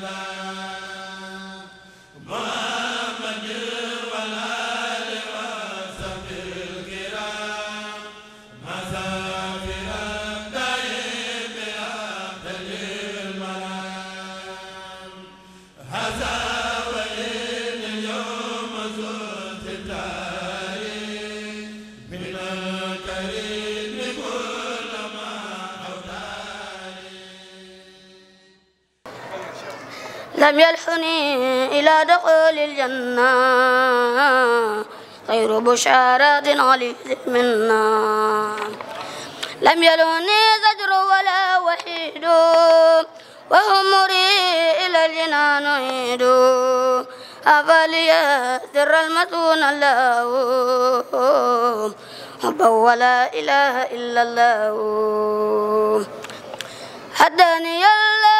la لم يلحني إلى دخول الجنة غير بشارات غليظ منا لم يلوني زجر ولا وحيد وهمري إلى الجنان عيد أفلي سر المسون الله حبا ولا إله إلا الله هداني الله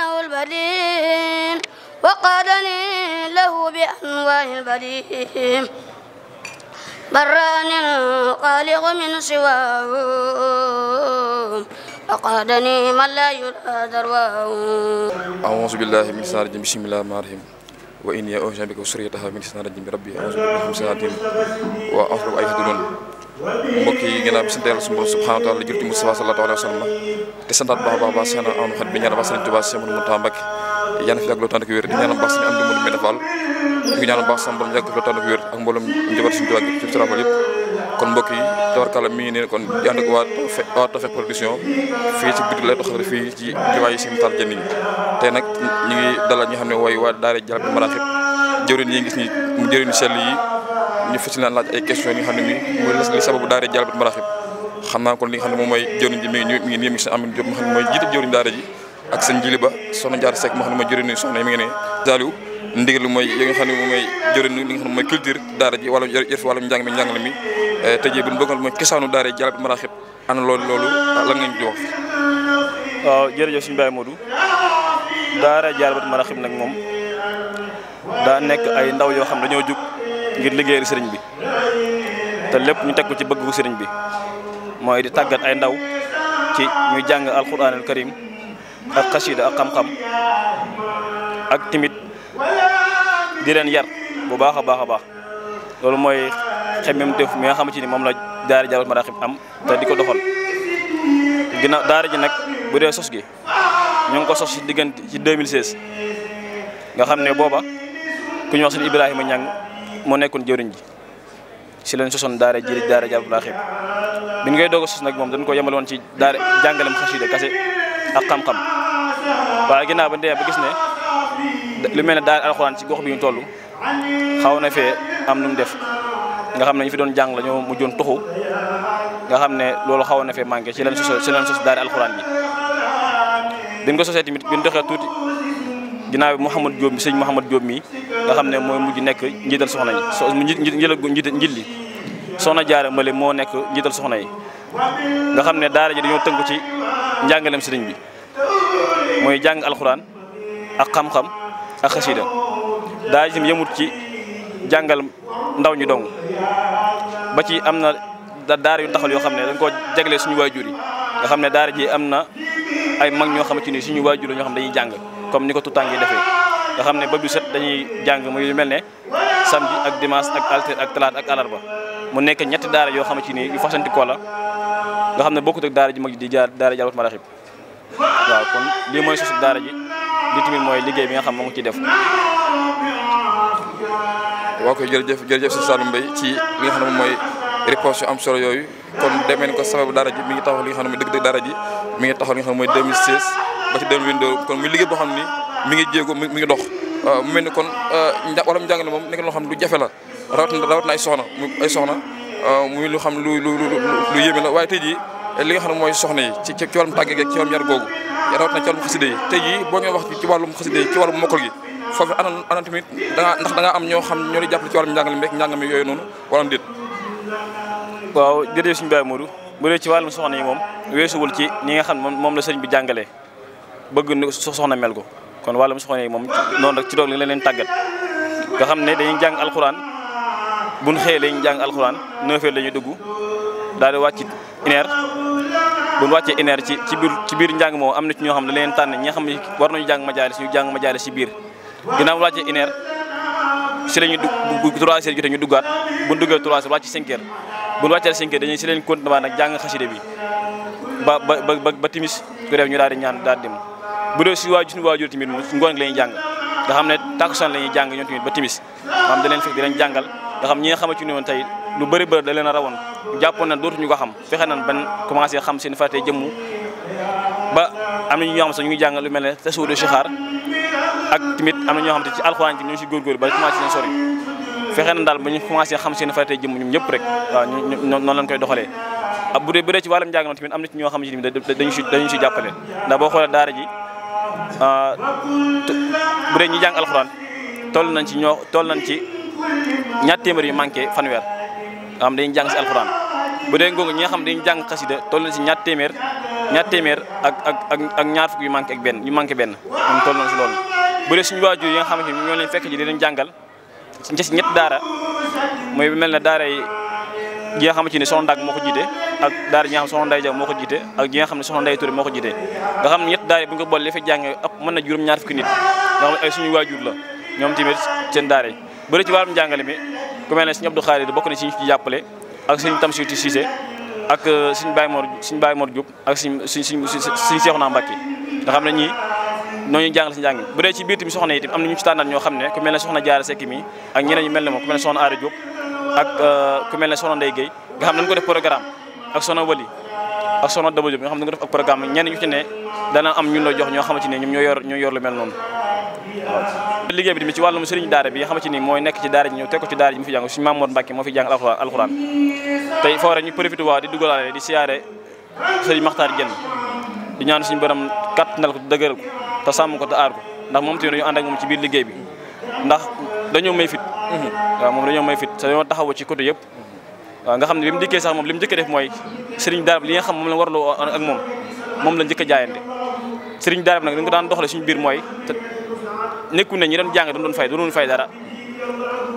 أنه البليم وقال لي له بأنواع البليم براني الخالق من سواه وقادني من لا يرى ذرواه أعوذ بالله من الشيطان الرجيم بسم الله الرحمن الرحيم وإني أعوذ بك وسريتها من الشيطان الرجيم بربي أعوذ بك من الشيطان الرجيم وأخرج أيها mbokk yi gën a si dellu suñu borom subhanahu wa taala jur ci te santaat baax baax baax seen am xet bi ñaan baax seen Tuubaa Sëñ seen am di mënu Medefal baax sama borom yàgg loo tànn wér ak mboolem njaboot suñu Tuubaa yi tabarkàlla mi ngi ne kon di ànd ak waa waa Tawfekh Production yi Sëñ Taal Jeen ngi dalal ñi xam ne wooy waa daara Jalbul Maraaxib jëwriñ yi yi ñu fas leen laaj ay question yi nga xam ne nii mooy li sababu daara Dialibatoul Marakhib xam mooy jëriñ ji mi ngi mi ngi nii mi ngi seen Amine Diop mi nga xam ne mooy jiite jëriñ daara ji ak seen jili ba soxna Diar Seck moo xam ne mooy jëriñu soxna yi mi ngi ne Saliou ndigal mooy yi nga xam ne moom mooy jëriñu li nga xam ne mooy culture daara ji wala yëf wala njàng la njàngale mi eh, te jii bu ñu bëggoon mooy cosaanu daara ji Dialibatoul Marakhib ana loolu loolu lan ngeen di wax waaw jërëjëf suñu Baye Modou daara Dialibatoul Marakhib nag moom daa nekk ay ndaw yoo xam dañoo jug ngir liggéey sëriñ bi te lépp ñu teg ci bëggu sëriñ bi mooy di tàggat ay ndaw ci ñu jàng alxuraanul karim ak xasida ak xam-xam ak timit di leen yar bu baax a baax a baax loolu mooy xemmem def mi nga xamante ni moom la daara Jawahirul Maraxib am te di ko doxal ginnaaw daara ji nag bu dee sos gi ñu ngi ko sos ci diggante ci 2016 nga xam ne booba ku ñu wax sëñ Ibrahima Ñang moo nekkoon jëriñ ji si leen sosoon daara jëriñ daara jàpp laa xib bi ñu koy doog a sos nag moom dañ ko yemal woon ci daara jàngalem xasida kase ak xam-xam waaye ba ndee ba gis ne lu mel ne daara alxuraan ci gox bi ñu toll xaw na fee am nu mu def nga xam ne ñu fi doon jàng ñoo mujjoon tuxu nga xam ne loolu xaw na fee manqué ci leen sos si leen sos daara alxuraan sosee tamit bi ñu doxee tuuti ginnaaw bi Mouhamad Diop mi sëñ Mouhamad Diop mi nga xam ne mooy mujj nekk njiital soxna yi so njël njit li soxna jaare mbale moo nekk njiital soxna yi nga xam ne daara ji dañoo tënku ci si sëriñ bi mooy jàng alxuraan ak xam-xam ak xasida daara ji yemut ci jàngal ndaw ñi dong ba ci am na daara yu taxal yoo xam ne dañ koo jagle suñu waajur yi nga xam ne daara ji am na ay mag ñoo xamante ni suñu waajur la ñoo xam dañuy jàng comme ni ko tutank yi defee nga xam ne ba bu set dañuy jàng muy lu mel ne samedi ak dimanche ak altine ak talaata ak alarba mu nekk ñetti daara yoo xamante ni yu fasantikoo la nga xam ne bokkut ak daara ji mag ji di jaar daara ji alwat maraxib waaw kon lii mooy sosu daara mooy liggéey bi nga xam moo ngi ciy def waaw koy jërëjëf jërëjëf si Saloum Mbaye ci li nga xam ne moom mooy réponse yu am solo yooyu kon demeen ko sababu daara ji mi ngi taxaw li nga xam ne mooy dëgg-dëgg daara ji ngi xam ne mooy ba ci 2022 kon muy liggéey boo xam ni mi ngi jéego mi ngi dox mu mel ni kon wala euh, njàng ne moom nekk loo xam ne du jafe la rawat na rawat na ay soxna ay soxna euh, muy lu xam lu lu lu yéeme la waaye tey jii nga xam ne mooy soxna yi ci ci wàllum tàgge ci wàllum yar googu rawat na ci wàllum xaside yi tey jii boo ñoo wax ci wàllum xaside yi ci wàllum mokkal gi foofu ana tamit ndax danga am ñoo xam ñoo di jàppale ci wàllum njàngale mi rek njàngame yooyu noonu wala déet waaw suñ suñu baay Modou bu dee ci wàllum soxna yi moom weesuwul ci ni nga xam moom la sëriñ bi jàngalee bëgg ni soxna mel ko kon wàllum soxna yi moom noonu rek ci doog li la leen tàggat nga xam ne dañuy jàng alxuraan buñ xëyee lañuy jàng alxuraan neuf heures la ñuy dugg daal di wàcc une bu ñu wàccee une ci biir ci biir njàng moom am na ci ñoo xam ne da tànn ñi xam ne war nañu jàng majaalis ñu jàng majaalis ci biir ginnaaw bu wàccee si la ñuy dugg trois heures jotee ñu duggaat bu ñu duggee trois heures wàcc cinq heures bu ñu wàccee cinq dañuy si leen continuer nag jàng xaside bi ba ba ba timis su ko def ñu daal di ñaan daal di dem bu dee suñu waajur suñu waajur tamit ngoon gi la ñuy jàng nga xam ne takkusaan la ñuy jàng ñoom tamit ba timis a rawoon jàppoon na dootuñu ba am na ñoo xam ñu ngi jàng lu mel ne tasuudu sixaar ak tamit am na ñoo xam te ci alxuraan ci ñoo si góorgóorlu ba commencé seen sori fexe nan daal ba ñu commencé xam seen fàtte jëmm ñoom ñëpp rek waaw noonu lañ koy doxalee ah, bu dee bu ci wàllum jàng tamit am na ci ñoo xam ne dañu si dañu si jàppale ndax boo xoolee daara ji Euh, bu dee ñu jàng alxuraan toll nañ ci ñoo toll nañ ci ñaar téeméer yu manqué fanweer nga xam dañuy jàng si alxuraan bu dee ngongu ñi nga xam dañuy jàng xasida toll nañ ci ñaar téeméer ñaar téeméer ak ak ak ak ñaar fukk yu manqué ak benn ñu manqué benn moom toll nañ si loolu bu dee suñu waajur yi nga xamante ni ñoo leen fekk ji di leen jàngal ci ñetti daara mooy mel ne daara yi gi nga xamante ne soxna Ndag moo ko jiite ak daara ji nga xam soxna Nday Jaw moo ko jiite nga xam ne soxna Nday Touré ko jiite nga xam ne ñett daara bu ñu boole li fi ñaar fukki nit nga la ñoom tamit seen daara yi bëri ci wàllum jàngale mi ku mel ne sëñ Abdou Khadir bokk na ci ñu ci jàppale ak sëñ Tamsir Cissé ak euh, sëñ Baye Mor sëñ ak sëñ sëñ sëñ Cheikhouna Mbacké nga xam ne ñii nooñuy jàngal si njàng bu dee ci biir soxna yi tamit ñu ci tànnaat ñoo xam ne ku mel ne soxna Jaara Sekk mi ak ñeneen ñu mel ne moom ku mel ne soxna Aara Diop ak euh, ku mel ne soxna Ndeye Guèye nga xam dañ ko def programme ak soxna Wali ak soxna Daba Diop nga xam dañ ko def ak programme ñenn ñu ci ne dana am ñun la jox ñoo xamante ne ñoom ñoo yor ñoo yor lu mel noonu waaw liggéey bi ci wàllum sëriñ daara bi nga xamante ni mooy nekk ci daara ji ñëw teg ko ci daara ji mu fi jàng suñu Mamour Mbacke moo fi jàng alxuraan tey foore ñu profité waa di dugalaale di siyaare sëriñ Maxtaar Jenn di ñaan suñu borom kattanal ko dëgëral ko te sàmm ko te aar ko ndax moom tamit ñu ànd ak moom ci biir liggéey bi ndax dañoo may fit waaw moom dañoo may fit sa dañoo ci côté yëpp waaw nga xam ne bi mu dikkee sax moom lim mu njëkk def mooy sëriñ daara bi li nga xam moom la warloo ak moom moom la njëkk a jaayante sëriñ daara bi nag dañ ko daan doxle suñu biir mooy te nekku ne ñi doon jàng doon doon fay doon fay dara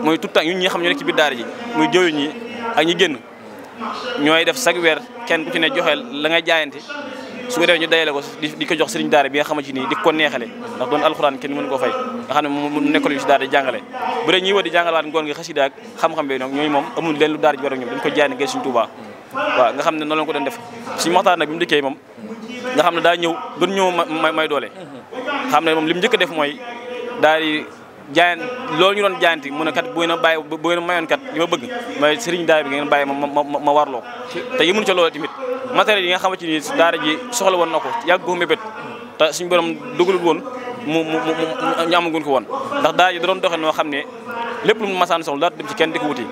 mooy tout temps ñun ñi nga xam ñoo nekk ci biir daara ji muy jëw ñi ak ñi génn ñooy def chaque weer kenn ku ci ne joxeel la ngay jaayante su ko defee ñu dayale ko di ko jox sëriñ ni di ko neexale ndax nga xam ne di dee ñuy war di jàngalaat ngoon ngi xasida ak xam-xam bi ñooñu moom amul leen lu daara ji war ak ñoom dañ ko jaay ne gay doon def suñu waxtaan nag nga xam ne daa ñëw doon ñëw may xam ne moom li mu njëkk def mooy jaayant loolu ñu doon jaayanti mu ne kat bu ngeen a bàyyi bu ngeen a mayoon kat li ma bëgg mooy sëriñ daara bi ngeen bàyyi ma ma ma warloo te yëmul ca loolu tamit matériel yi nga xamante ni daara ji soxla woon na ko yàgg ko mébét te suñu borom dugalul woon mu mu mu ko woon ndax daara ji da doon doxee noo xam ne lépp lu masaan soxla daal dem ci kenn di ko wuti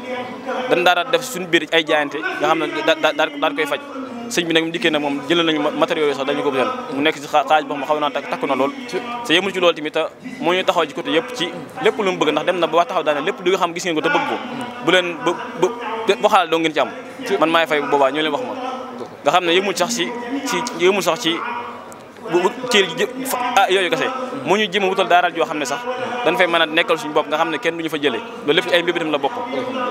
dan daara def suñu biir ay jaayante nga xam ne daa daa koy faj sëñ bi nag mu dikkee ne moom jëlal nañu matériaux sax dañu ko bëggal mu nekk si xaaj boo xaw naa takk na lool te yemul ci loolu tamit moo ñu taxaw ci mu bëgg ndax dem na ba wax taxaw daane lépp lu xam gis ngeen ko te bëgg ko bu leen ba ba xalaat doo ngeen ci man maay fay bu boobaa leen wax ma nga xam ne yëmul sax si si yëmul sax ci ci ah, yooyu kese mu ñu jéem a wutal daara joo xam ne sax dañ fay mën a nekkal suñu bopp nga xam ne kenn ñu fa jëlee loolu lépp ci ay mbébétam la bokk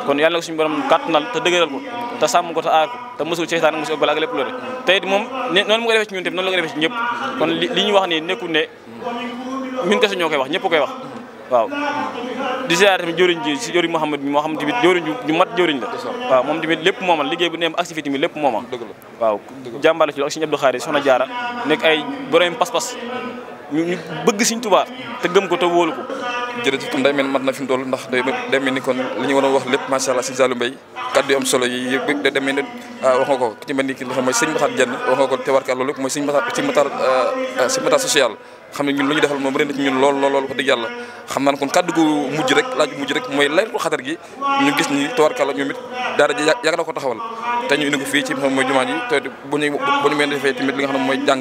kon yàlla na ko suñu borom kàttanal te dëgëral ko te sàmm ko te aar ko te mosul ci seytaan a bala ak lépp loolu te it moom noonu mu ko defee ci ñun tamit noonu la ko defee ci ñëpp kon li ñu wax nii nekkul ne ñun kese ñoo koy wax ñëpp koy wax waaw di ziar tamit jëriñ ji si jëriñ Mouhamed bi xam tamit jëriñ ju mat jëriñ la waaw moom tamit lépp mooma liggéey bu neem ak si fi tamit lépp mooma waaw jàmbaale ci ak suñu Abdou Khari soxna jaara nekk ay borom pas-pas ñu bëgg suñ Tuubaa te gëm ko te wóolu ko jërëjëf kon day mel mat na fi mu toll ndax day mel ni kon li ñu war a wax lépp macha allah si Saliou Mbaye kaddu yu am solo yi yëpp day mel ni ah, wax nga ko ci mel ni ki nga xam mooy sëñ Maxaat wax nga ko te warka loolu ah, social xam ne ñun lu ñu defal moom rënd ci ñun lool lool lool wax dëgg yàlla xam naan kon kàddu gu mujj rek laaj mujj rek mooy laytu xatar gi ñu gis ñi tawarkala ñoom it daara ji ko taxawal te ñu indi ko fii ci xam mooy jumaa ji te bu ñu bu ñu mën defee tamit li nga xam ne mooy jàng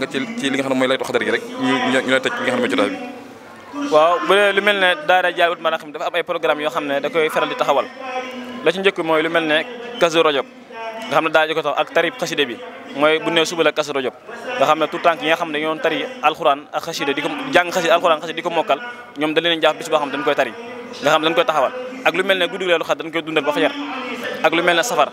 xam ne waaw bu dee lu mel ne daara jaay ut maanaam dafa am ay programme yoo xam ne da koy faral di taxawal la ci njëkk mooy lu mel ne Kazu nga xam ne daara ji ko tax ak tarib xaside bi mooy bu ne suba la Kazu nga xam ne tout temps nga xam ne dañoo tari alxuraan ak di ko jàng ñoom dañ leen bis boo xam ne koy taxawal ak lu mel ne safar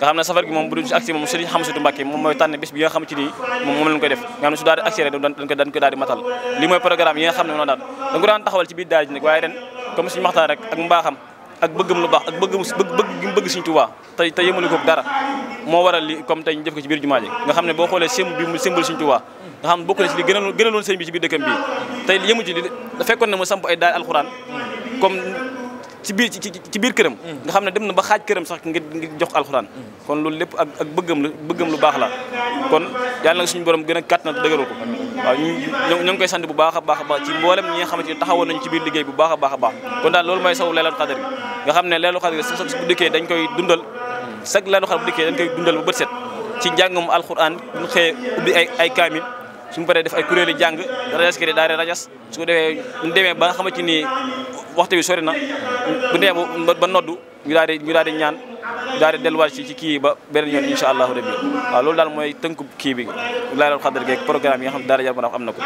nga xam ne safar gi moom bu dul si agsi moom Sëriñ Xamsatu Mbàkke moom mooy tànn bis bi nga xam ci nii moom moom lañ koy def nga xam ne su rek dañ koy daal matal li mooy programme yi xam ne moo daan daal ji rek ak mbaaxam ak bëggam lu baax ak bëggam bëgg bëgg bëgg Sëriñ Tuubaa tey tey yëmale ko dara moo waral li comme tey ñu def ko ci biir jumaa ji nga xam ne boo xoolee sëmb bi mu sëmbal Sëriñ Tuubaa nga xam ne bokk na ci li gënaloon gënaloon sëñ ci biir dëkkam bi tey yëmu ci li fekkoon ne mu samp ay daal alxuraan comme ci biir ci biir këram mm. nga xam ne dem na ba xaaj këram sax ngir ngir jox alxuraan mm. kon loolu lépp ak ak bëggam la bëggam lu baax la kon yàlla na suñu borom gën a kàttan te dëgëral ko waaw ñu ñu ngi koy sant bu baax a baax a baax ci mboolem ñi nga xamante ne taxawoon nañu ci biir liggéey bu baax a baax a baax kon daal loolu mooy saw leelu xadar bi nga xam ne leelu xadar bi bu dikkee dañ koy dundal sax leelu xadar bu dikkee dañ koy dundal bu bët set ci njàngum alxuraan bu ñu ay ay kaamil suñu paree def ay kuréeli jàng rajas ki daare rajas su ko defee ñu ba nga xamante ni waxtu wi sori na bu demee ba noddu ñu daal di ñu ñaan daal di delluwaat ci kii ba beneen yoon incha allahu rabbi waa loolu daal mooy tënku kii bi laa doon xaddal geeg programme yi nga xam daara jar mën a am na ko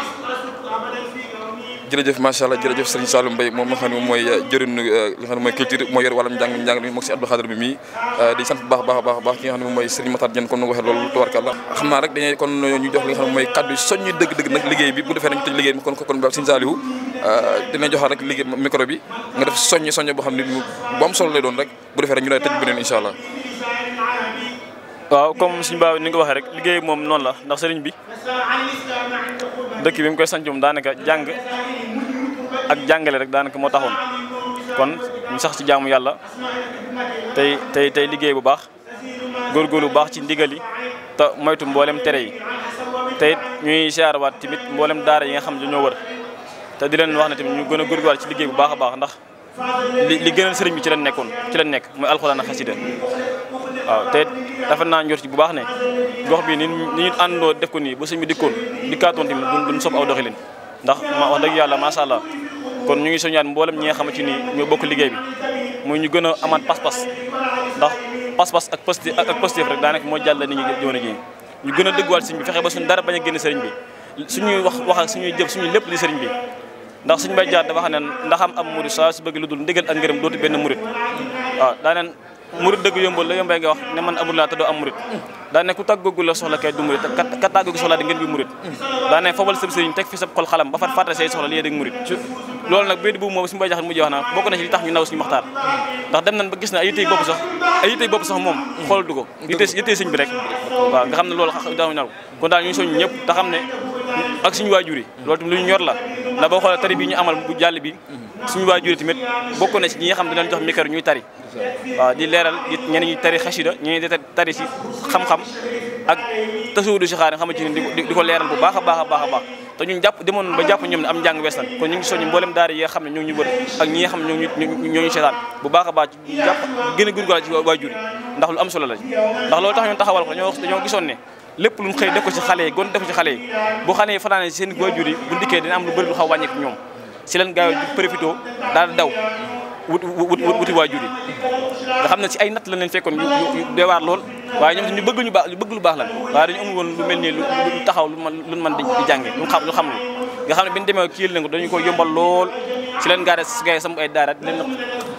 jërëjëf macha allah jërëjëf sëriñ Saliou Mbaye moom nga xam ne moom mooy euh, jëriñu li euh, nga xam ne mooy culture mooy yor wàllum njàng njàng mi moog si Abdou Khadre bi mii euh, di sant bu baax baax baax baax ki nga xam ne moom mooy sëriñ Matar Dieng kon nu waxee loolu tubarkalla xam naa rek dañuy kon ñu jox li nga xam ne mooy kàddu soññi dëgg-dëgg nag liggéey bi bu defee nañu tëj liggéey bi kon kon sëriñ Saliou dinañ joxaat rek liggéey micro bi nga def soññi soññi boo xam ne bu am solo lay doon rek bu defee rek ñu lay tëj beneen incha allah waaw comme suñu baaw ni nga ko waxee rek liggéey moom noonu la ndax sëriñ bi dëkk bi mu koy sancum daanaka jàng ak jàngale rek daanaka moo taxoon kon ñu sax ci jaamu yàlla tey tey tey liggéey bu baax góorgóorlu bu baax ci ndigal yi te moytu mboolem tere yi te it ñuy siyaarawaat timit mboolem daara yi nga xam ne dañoo wër te di leen wax na tamit ñu gën a góorgóorlu ci liggéey bu baax a baax ndax li li gënal sëriñ bi ci la nekkoon ci la nekk mooy alxuraan ak xasida waaw te dafa naa njort ci bu baax ne gox bi ni ni ñu àndoo def ko nii ba sëñ bi dikkoon dikkaatoon tamit duñ sopp aw doxalin ndax ma wax dëgg yàlla macha allah kon ñu ngi soññaat mboolem ñi nga xamante ni ñoo bokk liggéey bi muy ñu gën a amaat pas ndax pas-pas ak positif ak positif rek daanaka moo jàll nit ñi jamono ji ñu gën a dëgguwaat sëñ bi fexe ba suñu dara bañ a génn sëriñ bi suñuy wax wax ak suñuy jëf suñuy lépp li sëriñ bi ndax suñu bay jaar dafa xam ne ndax am am murid saa su bëgg lu dul ndigal ak ngërëm dootu benn murid waaw murit dëgg yombal la yombee nga wax ne man amul murit daa ne ku tàggoogu la soxla kay du murit ka tàggoogu soxla di ngeen bi murit daa nag béydi boobu moom suñu bay jaxat wax na bokk na ci li tax ñu naw suñu maxtaar ndax dem nañ ba gis na ay yitey bopp sax ay yitey bopp sax moom xool du ko yitey bi rek waaw nga xam ne loolu kon daal ñu ngi soññ ñëpp ne ak suñu waajur yi loolu tamit lu ñu ñor la ndax boo xoolee tari bi ñu amal bu jàll bi suñu waajur yi tamit bokk na si ñi nga xam ne dañu jox micro ñuy tari waaw di leeral ñeneen ñuy tari xasida ñeneen di tari si xam-xam ak tasawudu si xaar xamante ni di ko leeral bu baax a baax a baax a baax te jàpp demoon ba jàpp ñoom ne am njàng weesal kon ñu ngi soññi mboolem daara yi ne ñoo ñu wër ak ñi nga xam ne ñoo ñu seetaan bu baax a baax jàpp a gurgural ci ndax lu am solo la ndax loolu tax ñun taxawal ko dañoo gisoon ne lépp luñ xëy def ko ci xale yi gon def ko ci xale yi bu xale yi fanaane seen waajur yi bu ndikkee am lu bëri lu xaw wàññeeku ñoom si leen gaaw di profité daal daw wut wuti waajur yi nga xam ne si ay natt la leen fekkoon yu waar lool waaye ñoom ñu bëgg ñu baax bëgg lu baax la waaye dañu amul woon lu mel nii lu taxaw lu lu mën di jànge lu xam lu xam lu nga xam ne bi ñu demee kii ko dañu ko yombal lool si leen gaare gaay sam ay daara di leen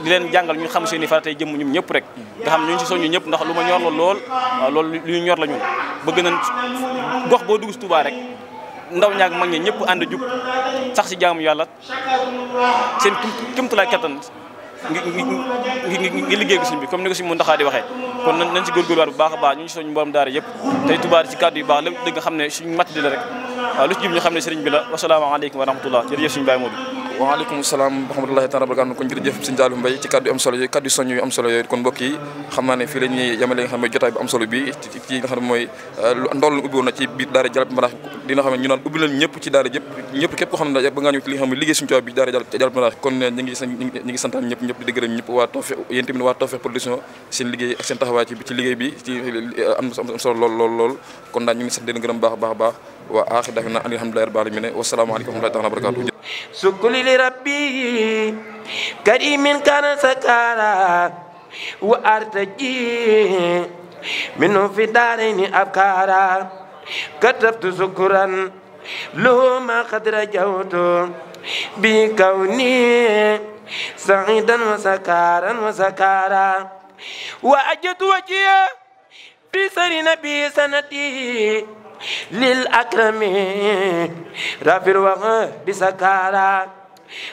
di leen jàngal ñu xam seen i faratay jëmm ñum ñëpp rek nga xam ne ñu si soññu ñëpp ndax lu ma ñor la lool waaw loolu lu ñor la ñun bëgg nañ gox boo dugg si Touba rek ndaw ñaak mag ñi ñëpp ànd jub sax si jaamu yàlla seen kéemtalaay kattan ngi ngi liggéey ko suñ bi ni ko suñ Mountakha di waxee kon nañ si góorgóorluwaat bu baax a baax ñu ngi soññ mboolem daara yëpp tey Touba ci kàddu yu baax lépp dëgg nga xam ne suñ matt di la rek waaw lu ci jub ñu xam ne sëriñ bi la wasalaamaaleykum wa rahmatullah jërëjëf suñu Baye Modou waaleykum salaam wa rahmatullahi taala barakaatu kon jërëjëf sëñ Saliou Mbaye ci kaddu yu am solo yooyu kaddu soñ ba nga taxawaay bi am solo lool kon daal ñu ngi sant di leen gërëm baax baax baax waa aaxi dafe na alhamdulillahi rabbil alamin wa salaamu aleykum wa rahmatullahi wa barakatuh سكل لربي كريم كان سكارا وأرتجي منه في دارين أبكارا كتبت سكرا له ما قد رجوت بكوني سعيدا وسكارا وسكارا وأجد وجهي في سر نبي سنتي lil akrami rafir wax bisakara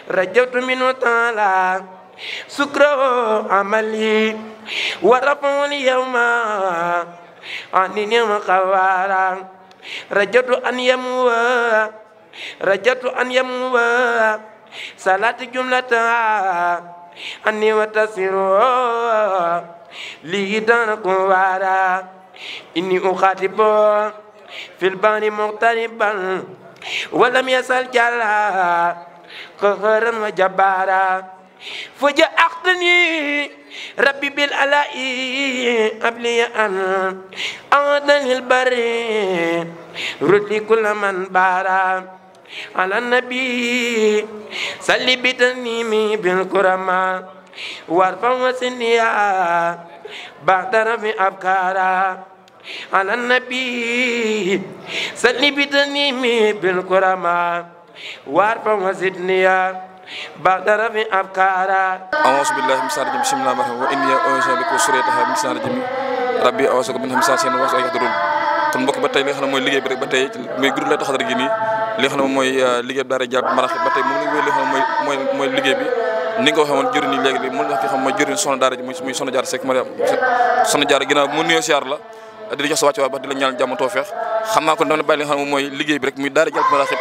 rajabtu minu taala sukro amali wa rafon yawma ani nima qawara rajatu an yamuwa rajatu an yamuwa salati jumlata anni wa tasiru li dana ko wara inni ukhatibu في البان مغتربا ولم يسل جلا قهرا وجبارا فجاء أخذني ربي بالألاء قبلي أن أعدني البر رد كل من بارا على النبي صلي بتنيمي بالكرما وارفع وسنيا بعد رفع أبكارا على النبي سلني بتنيمي بالكرامة وارفع وزدني بعد رفع أفكارا أعوذ بالله من الشيطان الرجيم بسم الله الرحمن الرحيم وإني أعوذ بك وسريتها من الشيطان الرجيم ربي أعوذ بك من همساسين وأعوذ بك يحضرون kon mbokk ba tey li nga xam ne mooy liggéey bi rek ba tey muy groupe Laylatul Qadr gi nii li nga xam ne mooy euh, liggéey bi daara jàpp marax ba tey moom la wéy li xam mooy liggéey bi ni nga ko waxee woon jëriñ léegi li mun la ki xam mooy jëriñ soxna daara ji muy soxna jaar Seck Mariam soxna jaar ginnaaw la di la jox too wàccuwaay xam naa kon dama la bàyyi liggéey bi rek muy daara jàpp maraxib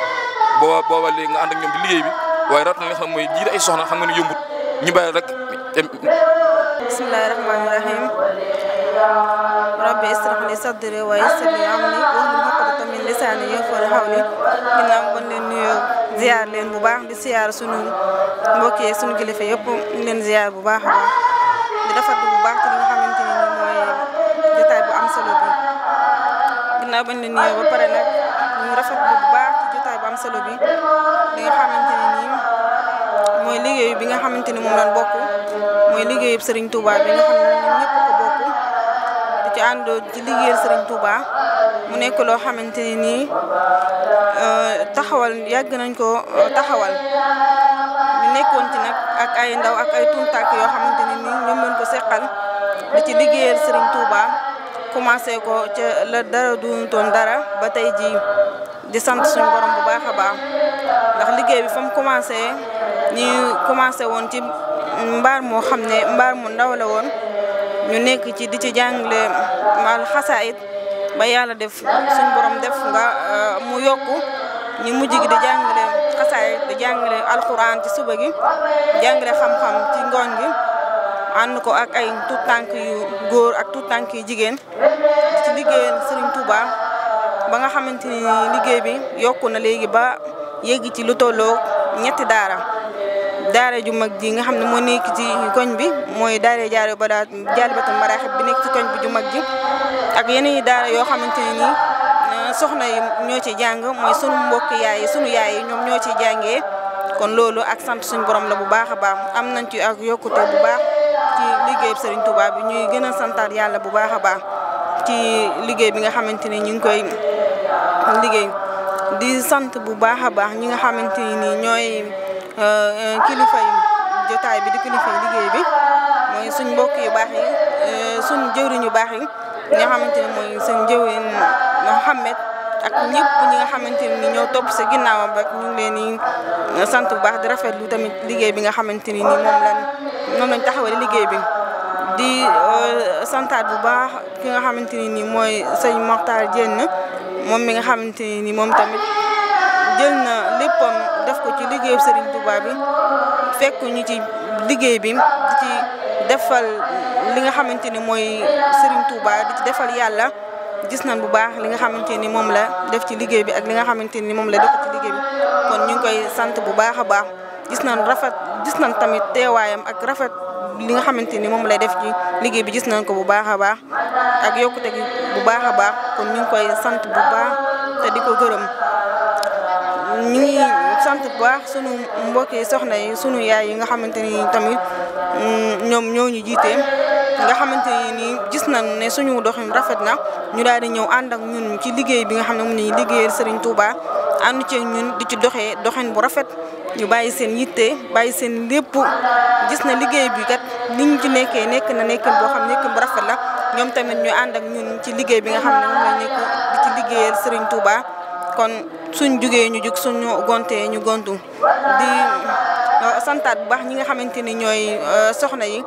booba booba léegi nga ànd ak ñoom di liggéey bi waaye rawatina li nga xam xam nga ne yombut ñu bàyyi rek bismillahi rahmaani rahim rabbi israh li sadri wa yassir li amri wahlul uqdatan min lisani yafqahu qawli ginnaaw ba leen bu baax di ziar sunu mbokk kilifa yëpp leen ziar bu baax a baax di rafetlu bu baax solo bi ginnaaw bañ la nuyoo ba pare nag ñu rafetlu bu baax ci jotaay bu am solo bi li nga xamante ne nii mooy liggéey bi nga xamante ni moom lañ bokk mooy liggéeyub Serigne bi nga xam ne ñun ñëpp ci àndoo ci liggéeyal Serigne Touba mu nekk loo xamante ne nii euh, taxawal yàgg nañ ko euh, taxawal ñu nekkoon ci nag ak ay ndaw ak ay tuntàkk yoo xamante ne nii ñoom lañ ko seqal di ci liggéeyal Serigne Touba. commencé ko ca la dara duunutoon dara ba tey ji di sant suñu borom bu baax a baax ndax liggéey bi fa mu commencé ñu commencé woon ci mbaar moo xam ne mbaar mu ndaw la woon ñu nekk ci di ci jàngale maal xasaayit ba yàlla def suñ borom def nga euh, mu yokk ñu mu gi di jàngale xasaayit di jàngale alxuraan ci suba gi jàngale xam-xam ci ngoon gi ànd ko ak ay tout tànk yu góor ak tout tànk yu jigéen ci liggéeyal Serigne Touba ba nga xamante ni liggéey bi yokku na léegi ba yegg ci lu tolloo ñetti daara daara ju mag ji nga xam ne moo nekk ci koñ bi mooy daara jaare ba daa Jaalibatul Maraaxib bi nekk ci koñ bi ju mag ji ak yeneen daara yoo xamante ne nii eh, soxna yi ñoo ci jàng mooy sunu mbokk yaay yi sunu yaay yi ñoom ñoo ci jàngee kon loolu ak sant suñu borom la bu baax a baax am nañ ci ak yokkuta bu baax ci liggéey Serigne tubaab bi ñuy gën a santaat yàlla bu baax a baax ci liggéey bi nga xamante ni ñu ngi koy liggéey di sant bu baax a baax ñi nga xamante ni ñooy euh, euh, kilifa yi jotaay bi di kilifa liggéey bi mooy suñ mbokk yu baax yi euh, suñ jëwriñ yu baax yi nga xamante ni mooy seen jëwriñ Mohamed ak ñëpp ñi nga xamante ni ñoo topp sa ginnaawam rek ñu leen sant bu baax di rafetlu tamit liggéey bi nga xamante ni moom lañ moom lañ taxawale liggéey bi di euh, santaat bu baax ki nga xamante ni nii mooy sëñ Mokhtar jën moom mi nga xamante ni nii moom tamit jën na léppam def ko ci liggéey sëriñ Touba bi fekk ñu ci liggéey bi di ci defal li nga xamante ni mooy sëriñ Touba di ci defal yàlla gis nan bu baax li nga xamante ni moom la def ci liggéey bi ak li nga xamante ni moom la def ci liggéey bi kon ñu koy sant bu baax a baax. gis nañ rafet gis nañ tamit teewaayam ak rafet li nga xamante ni moom lay def ci liggéey bi gis nañ ko bu baax a baax ak yokkute gi bu baax a baax kon ñu koy sant bu baax te di ko gërëm ñu ngi sant bu baax sunu mbokki soxna yi sunu yaay yi nga xamante ni tamit mm, ñoom ñoo ñu jiite nga xamante ni gis nañ ne suñu doxin rafet na ñu daal di ñëw ànd ak ñun ci liggéey bi nga xam ne moom la ñuy liggéeyal Serigne Touba. ànd ceeg ñun di ci doxee doxin bu rafet ñu bàyyi seen yitte bàyyi seen lépp gis na liggéey bi kat ni ñu ci nekkee nekk na nekkin boo xam nekkin bu rafet la ñoom tamit ñu ànd ak ñun ci liggéey bi nga xam ne moom la nekk di ci liggéeyal Serigne Touba kon suñ jugee ñu jug suñu gontee ñu gontu di euh, santaat bu baax ñi nga xamante ni ñooy euh, soxna yi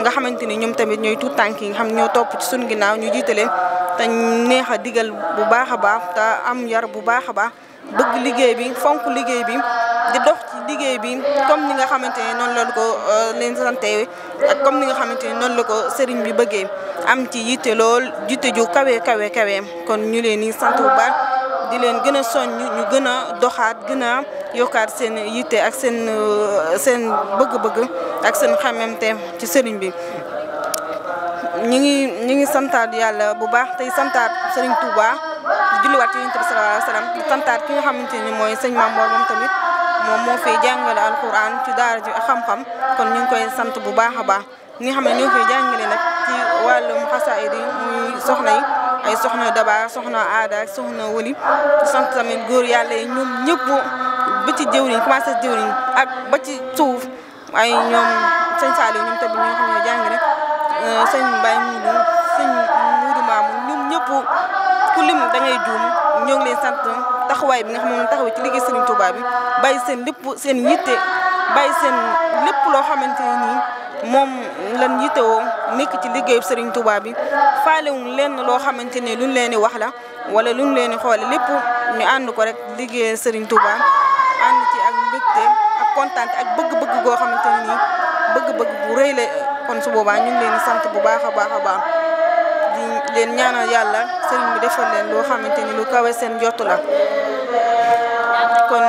nga xamante ni ñoom tamit ñooy tuut tànk yi nga xam ñoo topp ci suñ ginnaaw ñu jiitaleen te neex a digal bu baax a baax te am yar bu baax a baax bëgg liggéey bi fonk liggéey bi di dox ci liggéey bi comme ni nga xamante ne noonu la ko euh, leen santee ak comme ni nga xamante ne noonu la ko sëriñ bi bëggee am ci yitte lool yitte ju kawe kawe kawe kon ñu leen di sant bu baax di leen gën a soññ ñu gën a doxaat gën a yokkaat seen yitte ak seen euh, seen bëgg-bëgg ak seen xamante ci sëriñ bi ñu ngi santaat yàlla bu baax tey santaat sëriñ Touba. julliwaat ci yonent bi sallallahu alayhi wa sallam di tantaat ki nga xamante ni mooy sëñ Mame Mor moom tamit moo fi jàngale alquran ci daara ji xam-xam kon ñu ngi koy sant bu baax a baax ñi nga xam ne ñoo koy jàngale nag ci wàllum xasaayid yi soxna yi ay soxna daba soxna aada ak yàlla yi ñoom ñëpp ba ci jëwriñ commencé jëwriñ ak ba ci suuf ay ñoom sëñ Saliou ñoom tamit ñoo xam ne jàngale euh, sëñ ñoom ñëpp ku lim da ngay juum ñoo ngi leen sant taxawaay bi nga xam ne taxaw ci liggéey Serigne Touba bi bàyyi seen lépp seen yitte bàyyi seen lépp loo xamante ne nii moom lan yittewoo nekk ci liggéeyu Serigne Touba bi faalewuñ lenn loo xamante ne luñ leen di wax la wala luñ leen di xoole lépp ñu ànd ko rek liggéey Serigne Touba ànd ci ak mbégte ak kontaan ak bëgg-bëgg goo xamante ne nii bëgg-bëgg bu rëy la kon su boobaa ñu ngi leen di sant bu baax a baax a baax. leen ñaanal yàlla sëriñ bi defoon leen loo xamante ni lu kawee seen jott la kon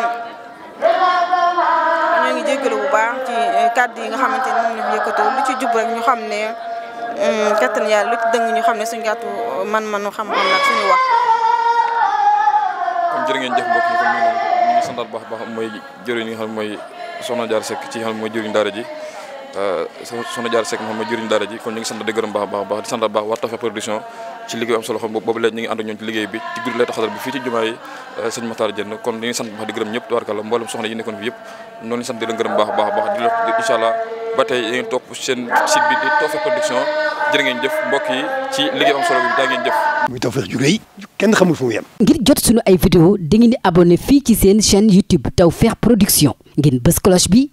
ñoo ngi jéggalu bu baax ci eh, kàddu yi nga xamante ni moom la ñu yëkkatoo lu ci jub ñu xam ne mm, kattan yàlla lu ci dëng ñu xam ne suñu gàttu man-manu xam-xam la suñu wax. kon jërë ngeen jëf mbokk mi comme ni ñu ngi santal baax nga xam mooy soxna Diarra Seck ci xam mooy jëriñ daara ji. Euh, soxna Diarra Seck moom mooy jëriñ daara ji kon ñu ngi sant di gërëm baax baax baax di sant baax waa Production ci liggéey am solo xam boobu léegi ñu ngi ànd ak ci liggéey bi ci groupe ci jumaa euh, bi am solo bi daa ngeen jëf muy ngir jot suñu ay vidéo da ngeen di fii ci seen chaîne YouTube Tawfekh Production ngeen bës cloche bi